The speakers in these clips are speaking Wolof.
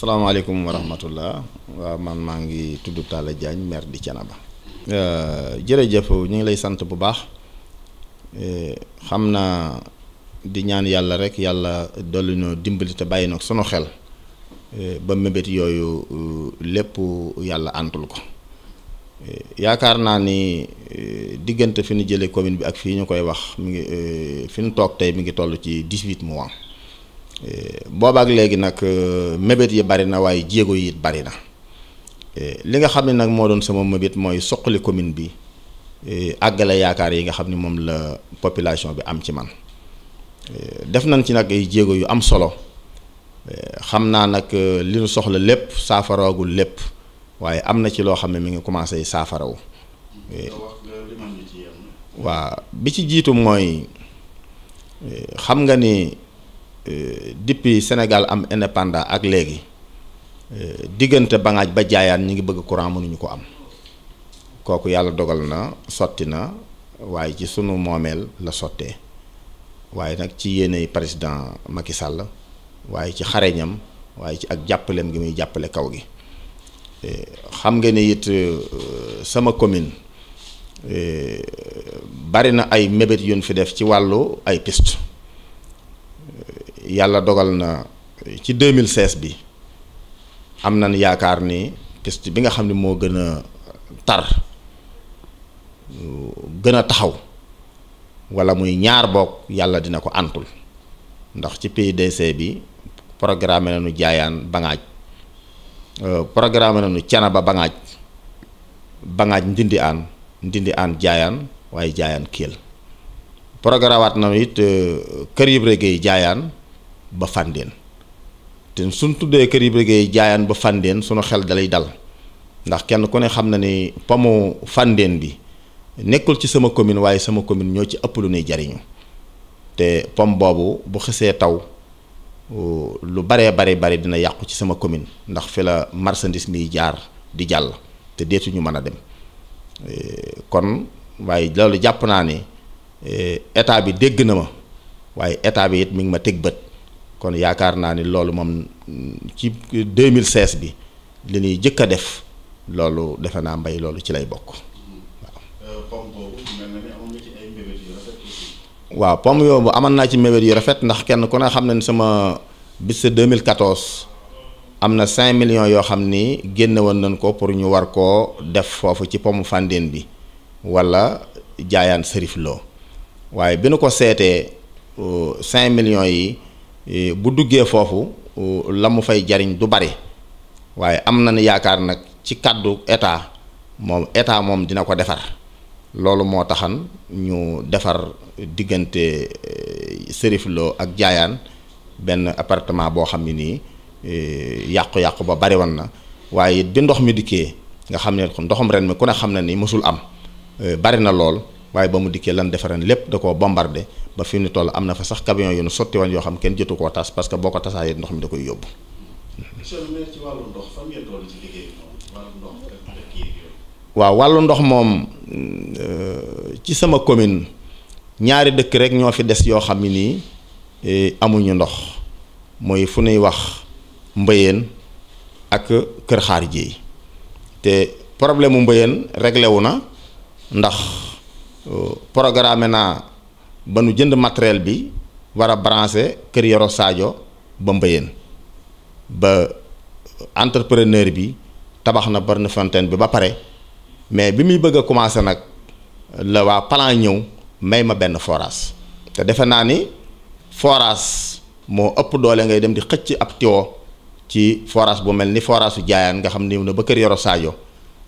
salaamaaleykum wa rahmatullah waaw man maa ngi tudd Talla Diagne maire di Thiénaba euh, jërëjëf ñu ngi lay sant bu baax euh, xam naa di ñaan yàlla rek yàlla dolli noo dimbali te bàyyi nag sunu xel euh, ba mébét yooyu lépp yàlla àntul ko yaakaar naa ni diggante fi nu jëlee commune bi ak fii ñu koy wax mi ngi fi ñu toog tey mi ngi toll ci dix-huit mois. Eh, boobaak léegi nag euh, mébét yi bari na waaye jéego yi it bari na eh, li nga xam ne nag moo doon sama mébét mooy soqali commune bi eh, àggale yaakaar yi nga xam ni moom la population bi am ci man def nañ ci nag ay jéego yu am solo xam naa nag euh, li ñu soxla lépp saafaraagul lépp waaye am na ci loo xam ne mu ngi commencé saafarawu waa bi ci jiitu mooy xam nga ni Euh, depuis Sénégal am indépendant ak léegi euh, diggante Bangaaj ba jaayaan ñi ngi bëgg courant mënuñu ko am kooku yàlla dogal na sotti na waaye ci sunu moomeel la sottee waaye nag ci yéeney président Macky Sall waaye ci xareñam waaye ci ak jàppaleem gi muy jàppale kaw gi euh, xam nga ni it sama commune bari na ay mébét yuñ fi def ci wàllu ay piste yàlla dogal na ci 2016 bi am nañ yaakaar ni piste bi nga xam ne moo gën a tar gën a taxaw wala muy ñaar bokk yàlla dina ko antul ndax ci PDC bi programme nañu jaayaan bangaaj euh, programme nañu canaba bangaaj bangaaj ndindi aan ndindi aan jaayaan waaye jaayaan kéel programme na nañu it euh, kër Ibra Gueye jaayaan ba Fandène te suñ tuddee kër yi bëggee jaayaan ba Fandène sunu xel dalay dal ndax kenn ku ne xam na ni pamu Fandène bi nekkul ci sama commune waaye sama commune ñoo ci ëpp lu nuy jariñu te pom boobu bu xisee taw lu baree bare bare dina yàqu ci sama commune ndax fi la marchandise miy jaar di jàll te deetu ñu mën a dem e, kon waaye loolu jàpp naa ne état bi dégg na ma waaye état bi it mi ngi ma teg bët kon yaakaar naa ni loolu moom ci mille 2016 bi li ñuy jëkk a def loolu defe naa mbay loolu ci lay bokk euh, waaw pomme yoobu aman naa ci mébét yi rafet ndax kenn ku ne xam ne sama bis 2014 am na 5 millions yoo xam ni génne woon nañ ko pour ñu war koo def foofu ci pomme Fandène bi wala jaayaan sërif loo waaye bi nu ko seetee 5 euh, million yi Eh, bu duggee foofu la mu fay jariñ du bari waaye am na ni yaakaar nag ci kàddu état moom état moom dina ko defar loolu moo taxan ñu defar diggante Cherif eh, ak jaayaan benn appartement boo xam ne nii eh, yàqu-yàqu ba bari woon na waaye it bi ndox mi dikkee nga xam ne ndoxum ren mi ku ne xam na ni mësul am bari na lool waaye ba mu dikkee lan defaran lépp da koo bombardé ba fi ni toll am na fa sax camion yoonu nu sotti woon yoo xam kenn jotu koo tas parce que boo ko tasaayee ndox mi da koy yóbbu. waaw wàllu ndox moom euh, ci sama commune ñaari dëkk rek ñoo fi des yoo xam ne nii eh, amuñu ndox mooy fu nuy wax mbëyeen ak kër xaar jéey te problème mu mbëyeen réglé wu na ndax. programme naa ba nu jënd matériel bi war a branché kër Yoro Sadio ba Mbayeen ba entrepreneur bi tabax na borne fontaine bi ba pare mais bi muy bëgg a commencé nag la waa plan ñëw may ma benn forage te defe naa ni forage moo ëpp doole ngay dem di xëcc ab tiwo ci forage bu mel ni forage su jaayaan nga xam ne na ba kër Yoro Sadio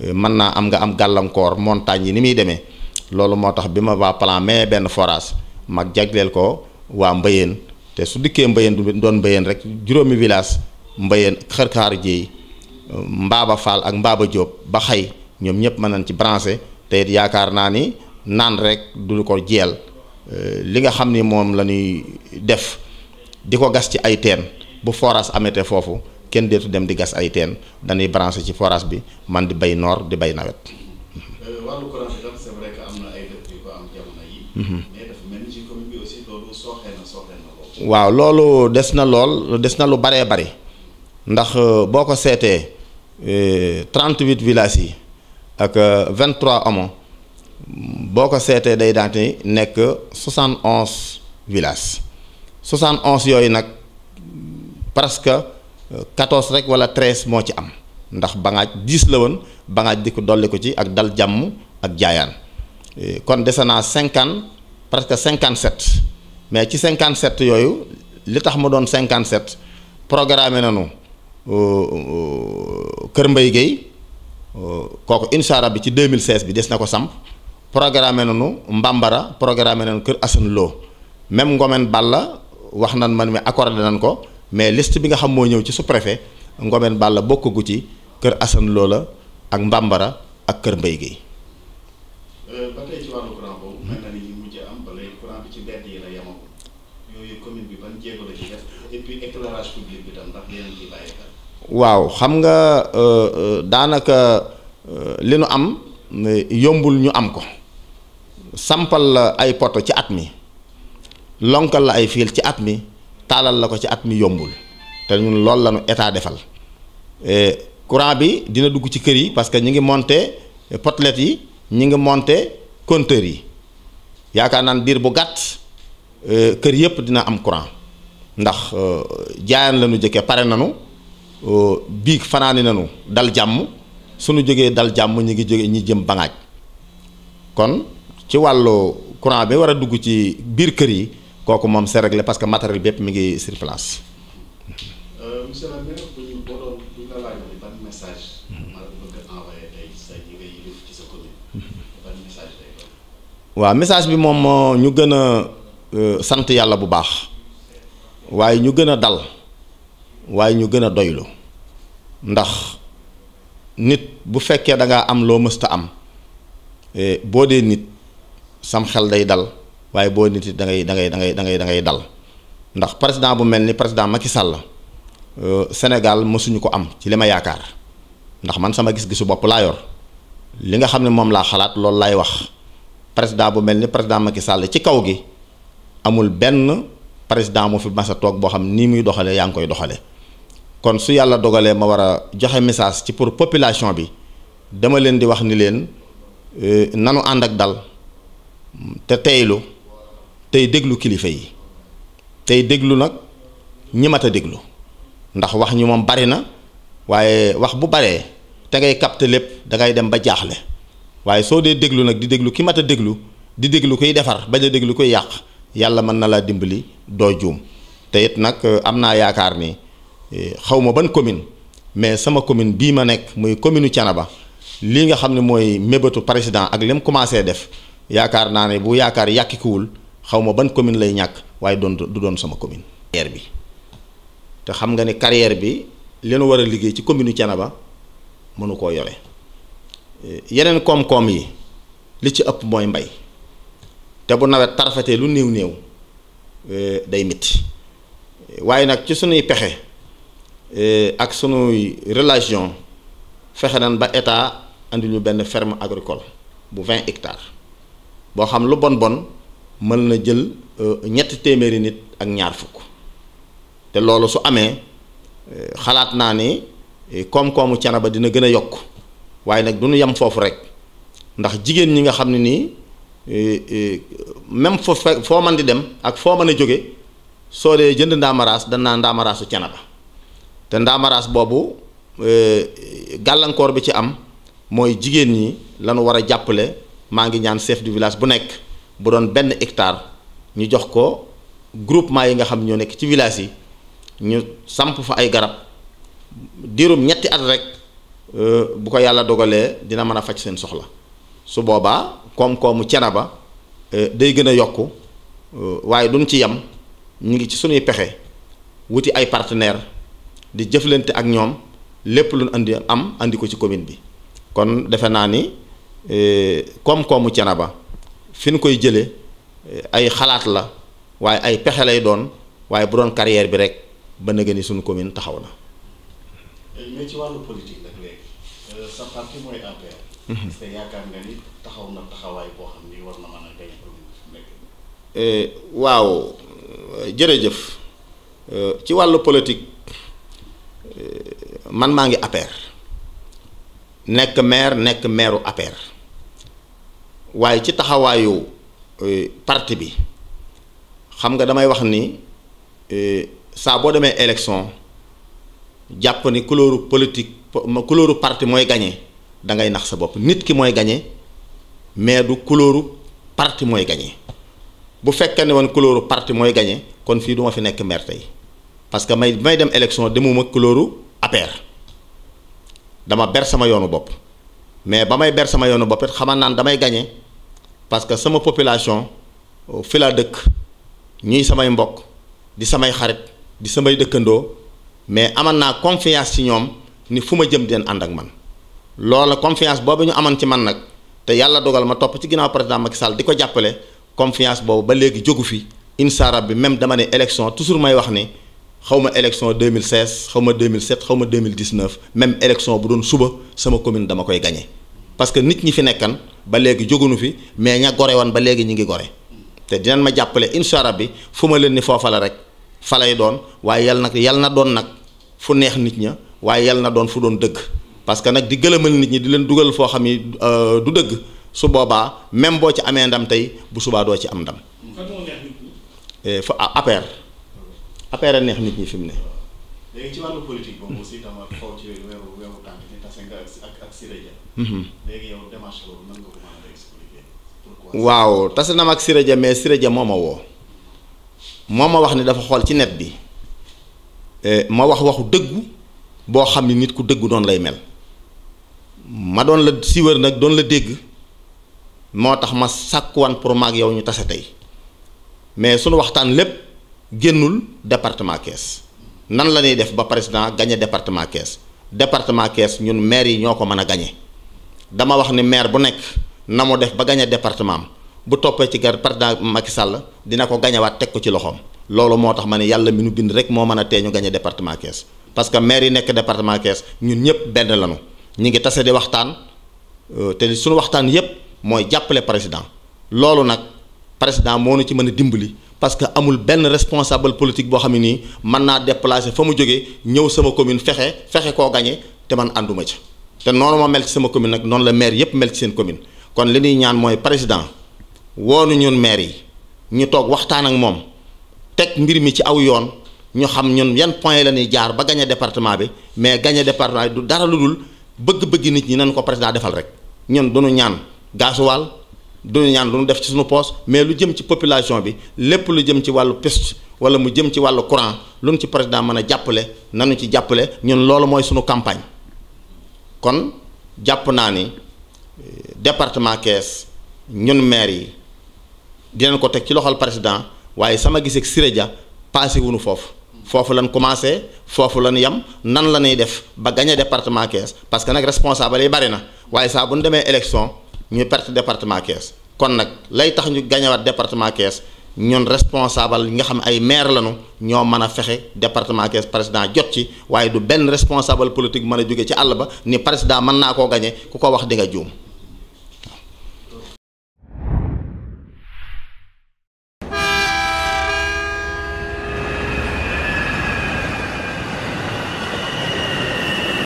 mën naa am nga am gàllankoor montagne yi ni muy demee loolu moo tax bi ma baa plan mais benn forage mag jagleel ko waa mbayeen te su dikkee mbayeen doon mbayeen rek juróomi village mbayeen xërkaar ji mbaaba faal ak mbaaba jóob ba xay ñoom ñëpp mën nañ ci branché te yaakaar naa ni naan rek du ko jeel euh, li nga xam ni moom la ñuy def di ko gas ci ay teen bu forage amete foofu kenn deetu dem di gas ay teen dañuy branché ci forage bi man di bay noor di bay nawet Mhm. mais dafa loolu waaw loolu des na lool des na lu baree bari ndax euh, boo ko seetee euh, trente-huit villages yi ak euh, vingt-trois hameaux boo ko seetee day daante nekk soixante onze villages soixante onze yooyu nag presque quatorze rek wala treize moo ci am ndax bangaaj dix la woon bangaaj di ko dolli ko ci ak dal jàmm ak jaayaan Eh, kon dese naa cinquante que cinquante sept mais ci cinquante sept yooyu li tax ma doon cinquante sept programme nañu euh, euh, Kër Mbaye Guèye euh, kooku incha allah bi ci 2016 bi des na ko samp programme nañu Mbambara programme nañu Kër Assane Lo même Ngomen Balla wax nan man mi accordé nañ ko mais liste bi nga xam moo ñëw ci sous-préfet Ngomen Balla bokkagu ci Kër Assane la ak Mbambara ak Kër mbay Guèye Euh, waaw xam nga euh, euh, daanaka li nu am yombul ñu am ko sampal la ay poto ci at mi lonkal la ay fiil ci at mi taalal la ko ci at mi yombul te ñun loolu la ñu état defal courant bi dina dugg ci kër yi parce que ñu ngi monter potelet yi. ñi ngi monter compteurs yi yaakaar naan biir bu gàtt euh, kër yëpp dina am courant ndax euh, jaayaan lañu jëkkee pare nanu euh, biig fanaani nanu dal jàmm suñu jógee dal jàmm ñi ngi jóge ñi jëm bangaaj kon ci wàllu courant bi war a dugg ci biir kër yi kooku moom c'est réglé parce que matériel bi yëpp ngi sur place. waaw message bi moom moo euh, ñu gën a euh, sant yàlla bu baax waaye ñu gën a dal waaye ñu gën a doylu ndax nit bu fekkee dangaa am loo mësta am eh, boo dee nit sam xel day dal waaye boo nit yi da ngay dangay dangay da ngay dal ndax président bu mel ni président Macky Sall euh, Sénégal mësuñu ko am ci li ma yaakaar ndax man sama gis-gisu bopp laa yor li nga xam ne moom laa xalaat loolu laay wax président bu mel ni président Macky Sall ci kaw gi amul benn président mu fi masa toog boo xam ni muy doxalee yaa ngi koy doxalee kon su yàlla dogalee ma war a joxe message ci pour population bi dama leen di wax ni leen euh, nanu ànd ak dal te teylu tey déglu kilifa yi tey déglu nag ñi mat a déglu ndax wax ñu moom bari na waaye wax bu baree te ngay capter lépp da ngay dem ba jaaxle. waaye soo dee déglu nag di déglu ki mat a déglu di déglu koy defar bañ a déglu koy yàq yàlla mën na laa dimbali doo juum te it nag eh, am naa yaakaar ni eh, xaw ma ban commune mais sama commune bii ma nekk muy commune ba lii nga xam ne mooy mébétu président ak lim commencé def yaakaar naa ne bu yaakaar yàkkikuwul xaw ma ban commune lay ñàkk waaye doon du doon sama commune. carrière bi te xam nga ne carrière bi li war a liggéey ci commune ba mënu koo yore. yeneen koom-koom yi li ci ëpp mooy mbay te bu nawet tarfatee lu néew néew eh, day mitti waaye nag ci sunuy pexe eh, ak sunuy relation fexe nan ba état indi ñu benn ferme agricole bu vingt hectares boo xam lu bon bon mën na jël eh, ñetti téeméeri nit ak ñaar fukk te loolu su amee xalaat naa ni koom-koomu ba dina gën a yokk waaye nag du ñu yem foofu rek ndax jigéen ñi nga xam ne nii eh, eh, même foo foo mën di dem ak foo mën a jóge soo dee jënd ndaamaraas danaa ndaamaraasu Thiénaba te ndaamaraas boobu eh, gàllankoor bi ci am mooy jigéen ñi lanu war a jàppale maa ngi ñaan chef du village bu nekk bu doon benn hectare ñu jox ko groupement yi nga xam ñoo nekk ci village yi ñu samp fa ay garab diirum ñetti at rek Euh, bu ko yàlla dogalee dina mën a faj seen soxla su boobaa koom-koomu ba euh, day gën a yokk euh, waaye duñ ci yem ñu ngi ci suñuy pexe wuti ay partenaire di jëflante ak ñoom lépp lu andi am andi ko ci commune bi kon defe naa ni koom-koomu Thiénaba fi ñu koy jële ay xalaat la waaye ay pexe lay doon waaye bu doon carrière bi rek ba nëgë ni suñu commune taxaw na. sa parti mooy APR. est-ce mhm. que na taxawaay boo xam ni war eh, jërëjëf eh, ci wàllu politique eh, man maa ngi APR nekk maire nekk maireu APR waaye ci taxawaayu parti bi xam nga damay wax ni saa boo demee élection jàpp ni couleur politique. ma couleur parti mooy gañe da ngay nax sa bopp nit ki mooy gañe mais du couleur parti mooy gañe bu fekkee ne woon couleur parti mooy gañe kon fii du ma fi nekk maire tey parce que may may dem élection demuma couleur APR dama ber sama yoonu bopp mais ba may ber sama yoonu bopp xaman naan damay gañe parce que sama population euh, fi laa dëkk ñuy samay mbokk di samay xarit di samay dëkkandoo mais aman naa confiance ci ñoom ni fu ma jëm deen ànd ak man loola confiance boobu ñu amoon ci man nag te yàlla dogal ma topp ci ginnaaw président Macky Sall di ko jàppale confiance boobu ba léegi jógu fi insa bi même dama ne élection toujours may wax ni xaw ma élection 2016 xaw ma 2007 xaw ma 2019 même élection bu doon suba sama commune dama koy gañe parce que nit ñi fi nekkan ba léegi jógunu fi mais ña gore woon ba léegi ñu ngi gore te dinañ ma jàppale insa bi fu ma leen ni foofa la rek fa doon waaye yal na yal na doon nag fu neex nit ña waaye yal na doon fu doon dëgg parce que nag di gëlëmal nit ñi di leen dugal foo xam ni euh, du dëgg su boobaa même boo ci amee ndam tey bu subaa ci am ndam. Ah, APR. APR a neex nit ñi fi tase mhm. waaw tase na ma ak Siré Dia mais Siré moom moo ma woo. moo ma wax ni dafa xool ci net bi. ma wax waxu dëggu. boo xam ni nit ku dëggu noonu lay mel ma doon la siwër nag doon la dégg moo tax ma sàkk sàkkuwan pour maag yow ñu tase tey mais sunu waxtaan lépp génnul département Kees nan la ñuy def ba président gañe département Kees département Kees ñun maire yi ñoo ko mën a gañe dama wax ni maire bu nekk na mu def ba gañe département am bu toppee ci gar président Macky Sall dina ko gañewaat teg ko ci loxoom loolu moo tax ma ne yàlla mi nu bind rek moo mën a tee ñu gañe département Kees parce que maire yi nekk département Kees ñun ñëpp benn lañu ñu ngi tase di waxtaan euh, te suñu waxtaan yëpp mooy jàppale président loolu nag président moo nu ci mën a dimbali parce que amul benn responsable politique boo xam ne nii mën naa déplacer fa mu jógee ñëw sama commune fexe fexe koo gañe te man ànduma ci te noonu ma mel ci sama commune nag noonu la maire yëpp mel ci seen commune kon li ñuy ñaan mooy président woonu ñun maire yi ñu toog waxtaan ak moom teg mbir mi ci aw yoon. ñu xam ñun yan point la ñuy jaar ba gagné département bi mais gagné département bi du dara lu dul bëgg-bëgg nit ñi nañ ko président defal rek ñun du ñaan gaasuwaal du ñu ñaan lu ñu def ci suñu poos mais lu jëm ci population bi lépp lu jëm ci wàllu piste wala mu jëm ci wàllu courant lu ñu ci président mën a jàppale nanu ci jàppale ñun loolu mooy suñu campagne kon jàpp naa ni euh, département Kees ñun maire yi dinañ ko teg ci loxol président waaye sama gis ak Dia paase wuñu foofu foofu lan commencé foofu lan yem nan la ñuy def ba gagné département Thiès parce que nag responsable yi bari na waaye saa bu ñu demee élection ñu perte département Thiès kon nag lay tax ñu gañawaat département Thiès ñun responsable yi nga xam ay maire lañu ñoo mën a fexe département Thiès président jot ci waaye du benn responsable politique mën a jóge ci àll ba ni président mën naa koo gañe ku ko wax di nga juum